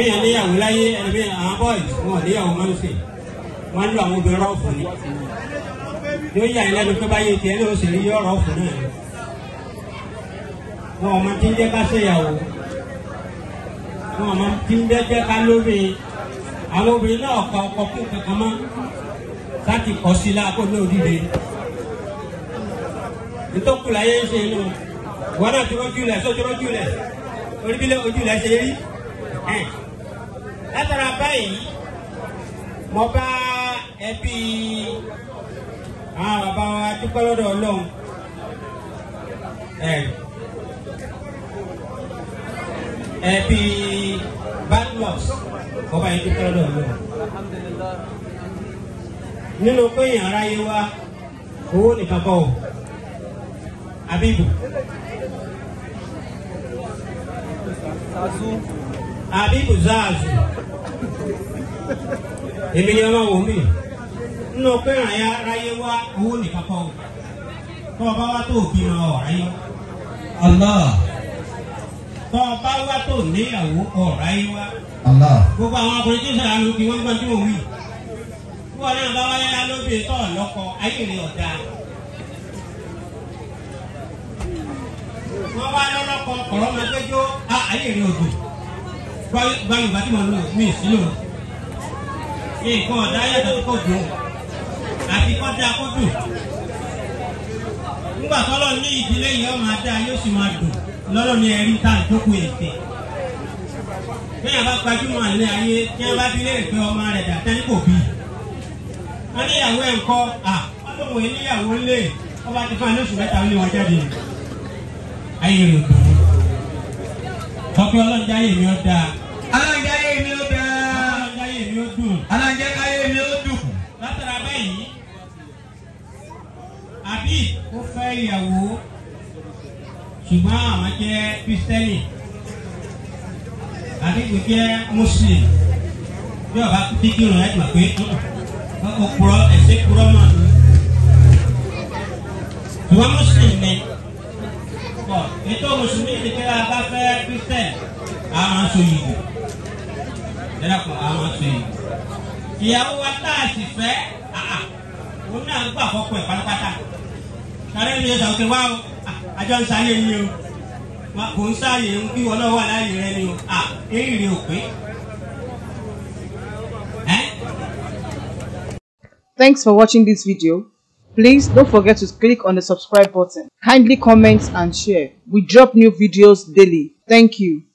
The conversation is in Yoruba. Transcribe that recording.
kéèyàn níyàwó láyé ẹlòmíì àwọn bọ́ọ̀lù wọn ò níyàwó máa ń sè wọn ń lo àwọn obìnrin rọ́ọ̀fù ni yóò yà ní lẹ́nu pé báyìí tiẹ̀ ní oṣù yìí yóò rọ́ọ̀fù náà wọn ò máa ti ń jẹ́ ká ṣèyàwó wọn ò máa ti ń jẹ́ ká lómi àwọn obìnrin náà kọ ọkọ fún kankan mọ́ láti kọ́ sí la ní òdìdè ntọ́kùlà yẹn ń ṣe inú wọn náà ti rọ́jú lẹ̀ sọ́jú rọ́jú lẹ̀ orí ojú lẹ̀ ṣe rí látara báyìí mo bá ẹbí àwọn bàbá wa dúpẹ́ lọ́dọ̀ ọlọ́run ẹbí badmus mo bá yẹn dúpẹ́ lọ́dọ̀ ọlọ́run nínú pé èèyàn aráyé wa owó nìkan kọ́ ọ abibu abibu zaazu èmi ni ọlọ́wọ́ mi nínú pé ya ráyé wá owó nìkan kọ́ tó o bá wá tó òbí ma ọ̀rá yìí Allah tó o bá wá tó níyàwó ọ̀rá yìí wá Allah gbogbo àwọn ọkùnrin tó sọ̀rọ̀ àlùkí wọ́n gbọ́n tí mo wí wọ́n náà bá wáyé lálóbi tó ọ̀lọ́kọ ayé rẹ̀ ọ̀dà. wọ́n wá lọ́lọ́kọ ọ̀rọ̀ mẹ́gbẹ́jọ́ ayé rẹ̀ ọ̀dùn gba yorùbá tí mo lò mí sílò nǹkan ọ̀dá yàtọ̀ tí kò dùn àti kọ́ da kó dùn nígbà tọ́lọ́ ní ìdílé yìí ọmọ adá yóò sì máa dùn lọ́lọ́ ní ẹ̀rí tá à ń jókòó èsì bí a bá gbajúmọ̀ àlẹ́ ayé tí a bá fi lè fẹ́ ọmọ rẹ̀ dàtẹ́ ní kò bí wọ́n ní ìyàwó ẹ̀ ń kọ́ à ọlọ́wọ́ yìí níyàwó lé ọba aláǹjẹ́ ayé mi ó dáa. aláǹjẹ́ ayé mi ó dùn. aláǹjẹ́ ayé mi ó dùn. látara báyìí àbí ó fẹ́ ìyàwó ṣùgbọ́n àwọn jẹ́ kristẹni àbí jẹ́ muslim bí ọba kíkí rẹ̀ ẹ̀ gbà pé ó kúrọ́ ẹ̀sìn kúrọ́ náà ni ṣùgbọ́n muslim ni ètò mùsùlùmí ti kí a bá fẹ́ kristẹni àwọn aṣọ yìí ẹ̀dàkùn àwọn ọ̀sẹ̀ ìyàwó wa tá a sì fẹ́ òun náà gbà fọ́pọ̀ ẹ̀ pátápátá. sàrẹ́ mi yẹ sàwọn kẹwàá o àjọ ń sáyé ni o kò ń sáyé ń bí wọn wà láàyè rẹ ni o èyí rè Thanks for watching this video. Please don't forget to click on the subscribe button. Kindly comment and share. We drop new videos daily. Thank you.